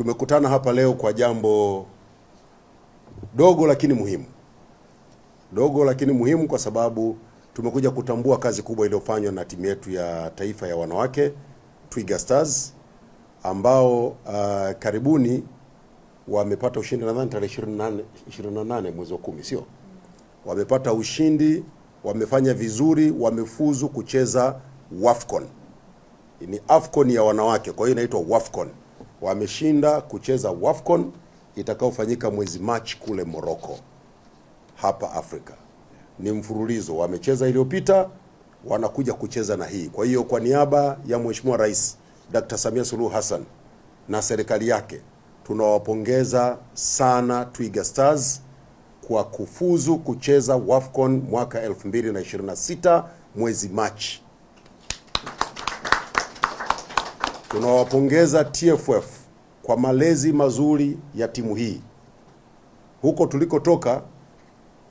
Tumekutana hapa leo kwa jambo dogo lakini muhimu, dogo lakini muhimu, kwa sababu tumekuja kutambua kazi kubwa iliyofanywa na timu yetu ya taifa ya wanawake Twiga Stars ambao uh, karibuni wamepata ushindi nadhani tarehe 28, 28 mwezi wa kumi, sio? Wamepata ushindi, wamefanya vizuri, wamefuzu kucheza Wafcon. Ni Afcon ya wanawake, kwa hiyo inaitwa Wafcon wameshinda kucheza WAFCON itakayofanyika mwezi Machi kule Morocco hapa Afrika. Ni mfululizo, wamecheza iliyopita, wanakuja kucheza na hii. Kwa hiyo kwa niaba ya Mheshimiwa Rais Dr. Samia Suluhu Hassan na serikali yake tunawapongeza sana Twiga Stars kwa kufuzu kucheza WAFCON mwaka 2026 mwezi Machi. Tunawapongeza TFF kwa malezi mazuri ya timu hii. Huko tulikotoka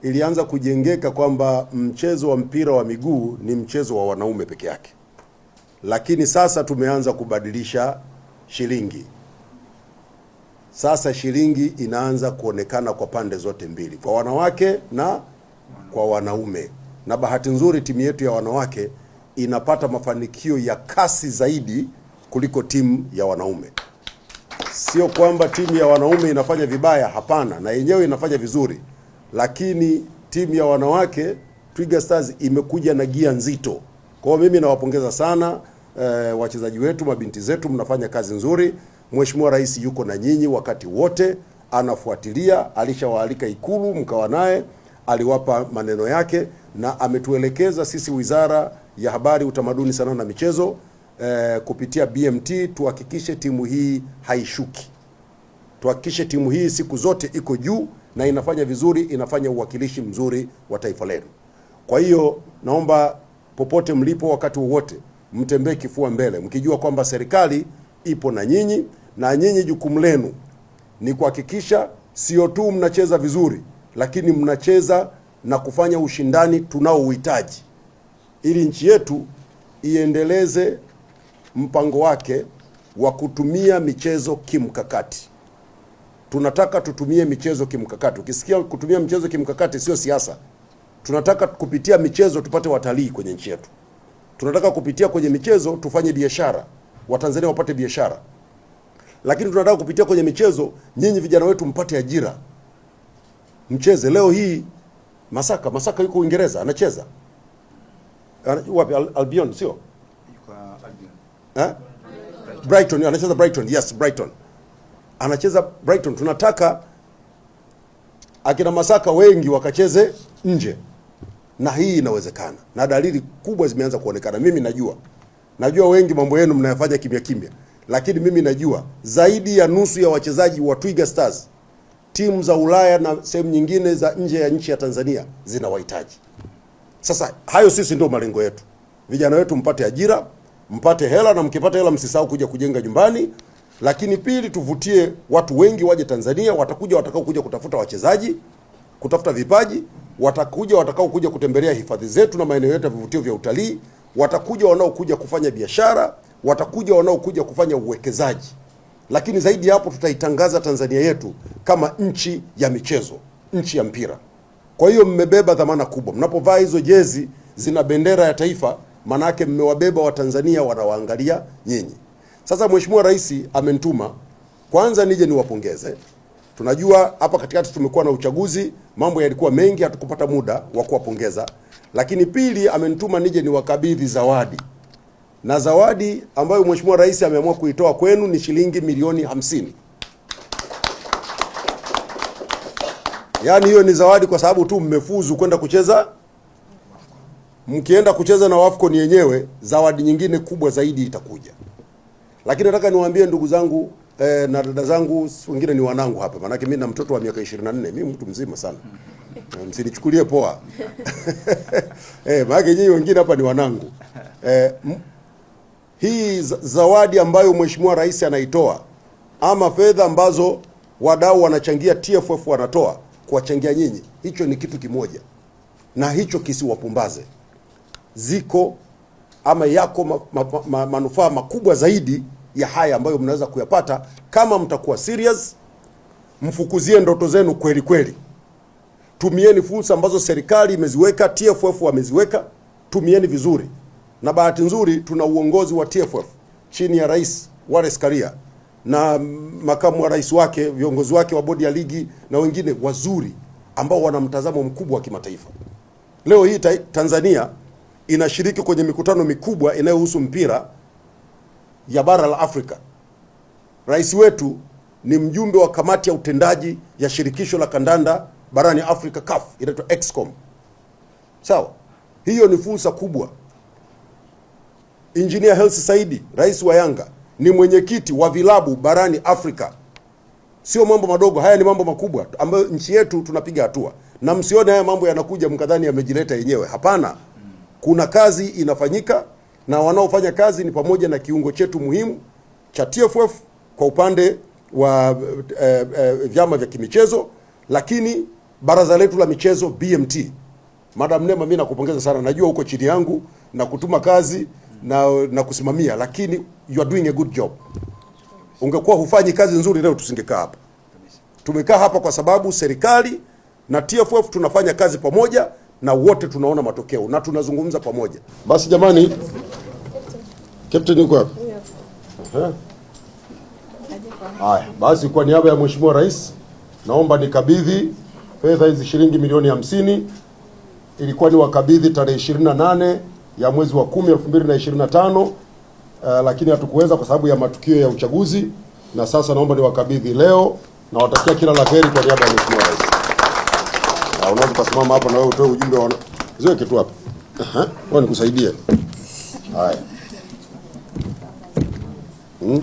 ilianza kujengeka kwamba mchezo wa mpira wa miguu ni mchezo wa wanaume peke yake, lakini sasa tumeanza kubadilisha shilingi. Sasa shilingi inaanza kuonekana kwa pande zote mbili, kwa wanawake na kwa wanaume, na bahati nzuri timu yetu ya wanawake inapata mafanikio ya kasi zaidi kuliko timu ya wanaume. Sio kwamba timu ya wanaume inafanya vibaya, hapana, na yenyewe inafanya vizuri, lakini timu ya wanawake Twiga Stars imekuja na gia nzito. Kwa hiyo mimi nawapongeza sana e, wachezaji wetu, mabinti zetu, mnafanya kazi nzuri. Mheshimiwa Rais yuko na nyinyi wakati wote, anafuatilia. Alishawaalika Ikulu mkawa naye, aliwapa maneno yake na ametuelekeza sisi Wizara ya Habari, Utamaduni, Sanaa na Michezo eh, kupitia BMT tuhakikishe timu hii haishuki, tuhakikishe timu hii siku zote iko juu na inafanya vizuri, inafanya uwakilishi mzuri wa taifa letu. Kwa hiyo naomba popote mlipo, wakati wowote, mtembee kifua mbele, mkijua kwamba serikali ipo na nyinyi, na nyinyi jukumu lenu ni kuhakikisha sio tu mnacheza vizuri, lakini mnacheza na kufanya ushindani tunaouhitaji ili nchi yetu iendeleze mpango wake wa kutumia michezo kimkakati. Tunataka tutumie michezo kimkakati. Ukisikia kutumia michezo kimkakati, sio siasa. Tunataka kupitia michezo tupate watalii kwenye nchi yetu. Tunataka kupitia kwenye michezo tufanye biashara, Watanzania wapate biashara. Lakini tunataka kupitia kwenye michezo, nyinyi vijana wetu mpate ajira, mcheze. Leo hii Masaka, Masaka yuko Uingereza anacheza wapi? Albion sio eh? Brighton anacheza Brighton, yes Brighton anacheza Brighton. Tunataka akina Masaka wengi wakacheze nje, na hii inawezekana, na dalili kubwa zimeanza kuonekana. Mimi najua najua wengi mambo yenu mnayafanya kimya kimya, lakini mimi najua zaidi ya nusu ya wachezaji wa Twiga Stars timu za Ulaya na sehemu nyingine za nje ya nchi ya Tanzania zinawahitaji. Sasa hayo sisi ndio malengo yetu, vijana wetu mpate ajira mpate hela, na mkipata hela msisahau kuja kujenga nyumbani. Lakini pili, tuvutie watu wengi waje Tanzania, watakuja watakao kuja kutafuta wachezaji, kutafuta vipaji, watakuja watakao kuja kutembelea hifadhi zetu na maeneo yetu ya vivutio vya utalii, watakuja wanaokuja kufanya biashara, watakuja wanaokuja kufanya uwekezaji. Lakini zaidi ya hapo, tutaitangaza Tanzania yetu kama nchi ya michezo, nchi ya mpira. Kwa hiyo mmebeba dhamana kubwa mnapovaa hizo jezi zina bendera ya taifa manake mmewabeba Watanzania wanawaangalia nyinyi. Sasa Mheshimiwa Rais amenituma kwanza nije niwapongeze. Tunajua hapa katikati tumekuwa na uchaguzi, mambo yalikuwa mengi, hatukupata muda wa kuwapongeza, lakini pili, amenituma nije niwakabidhi zawadi, na zawadi ambayo Mheshimiwa Rais ameamua kuitoa kwenu ni shilingi milioni hamsini. Yaani hiyo ni zawadi kwa sababu tu mmefuzu kwenda kucheza mkienda kucheza na Wafcon yenyewe, zawadi nyingine kubwa zaidi itakuja. Lakini nataka niwaambie ndugu zangu eh, na dada zangu wengine ni wanangu hapa, maanake mimi na mtoto wa miaka 24, mimi mtu mzima sana eh, msinichukulie poa eh, maanake nyinyi wengine hapa ni wanangu eh, hii zawadi ambayo mheshimiwa rais anaitoa ama fedha ambazo wadau wanachangia, TFF wanatoa kuwachangia nyinyi, hicho ni kitu kimoja, na hicho kisiwapumbaze ziko ama yako ma, ma, ma, ma, manufaa makubwa zaidi ya haya ambayo mnaweza kuyapata kama mtakuwa serious, mfukuzie ndoto zenu kweli kweli. Tumieni fursa ambazo serikali imeziweka, TFF wameziweka, tumieni vizuri. Na bahati nzuri tuna uongozi wa TFF chini ya Rais Wallace Karia na makamu wa rais wake, viongozi wake wa bodi ya ligi na wengine wazuri ambao wana mtazamo mkubwa wa kimataifa. Leo hii Tanzania inashiriki kwenye mikutano mikubwa inayohusu mpira ya bara la Afrika. Rais wetu ni mjumbe wa kamati ya utendaji ya shirikisho la kandanda barani Afrika, CAF, inaitwa Excom. Sawa, hiyo ni fursa kubwa. Engineer Hersi Saidi, rais wa Yanga, ni mwenyekiti wa vilabu barani Afrika. Sio mambo madogo haya, ni mambo makubwa ambayo nchi yetu tunapiga hatua, na msione haya mambo yanakuja mkadhani yamejileta yenyewe. Hapana kuna kazi inafanyika na wanaofanya kazi ni pamoja na kiungo chetu muhimu cha TFF kwa upande wa e, e, vyama vya kimichezo, lakini baraza letu la michezo BMT. Madam Nema, mimi nakupongeza sana, najua uko chini yangu na kutuma kazi na, na kusimamia, lakini you are doing a good job. Ungekuwa hufanyi kazi nzuri leo tusingekaa hapa. Tumekaa hapa kwa sababu serikali na TFF tunafanya kazi pamoja na wote tunaona matokeo na tunazungumza pamoja. Basi jamani, Captain yuko hapo. Haya basi, kwa niaba ya Mheshimiwa Rais naomba nikabidhi fedha hizi shilingi milioni hamsini. Ilikuwa ni wakabidhi tarehe 28 ya mwezi wa 10 2025, uh, lakini hatukuweza kwa sababu ya matukio ya uchaguzi, na sasa naomba niwakabidhi leo na watakia kila la heri kwa niaba ya Mheshimiwa Rais. Na ah, unaweza kusimama hapo na wewe utoe ujumbe wa zio kitu hapo. Aha. Wewe nikusaidie. Haya. Hmm?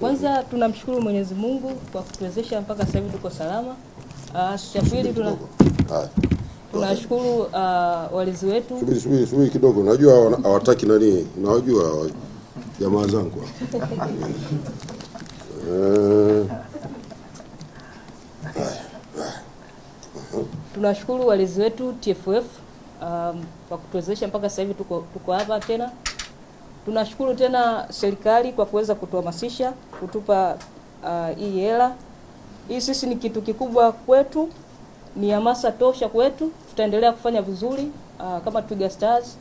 Kwanza tunamshukuru Mwenyezi Mungu kwa kutuwezesha mpaka sasa hivi tuko salama. Ah, Cha pili tuna Haya. tunashukuru uh, walezi wetu. Subiri subiri subiri kidogo. Unajua hawataki nani? Unajua jamaa zangu. Eh. Tunashukuru walezi wetu TFF um, kwa kutuwezesha mpaka sasa hivi tuko, tuko hapa tena. Tunashukuru tena serikali kwa kuweza kutuhamasisha kutupa uh, hii hela hii. Sisi ni kitu kikubwa kwetu, ni hamasa tosha kwetu. Tutaendelea kufanya vizuri uh, kama Twiga Stars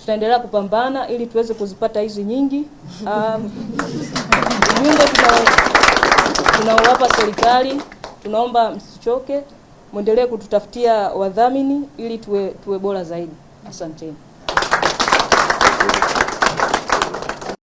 tutaendelea kupambana ili tuweze kuzipata hizi nyingi. Um, ujumbe tunaowapa serikali, tunaomba msichoke mwendelee kututafutia wadhamini ili tuwe, tuwe bora zaidi. Asanteni.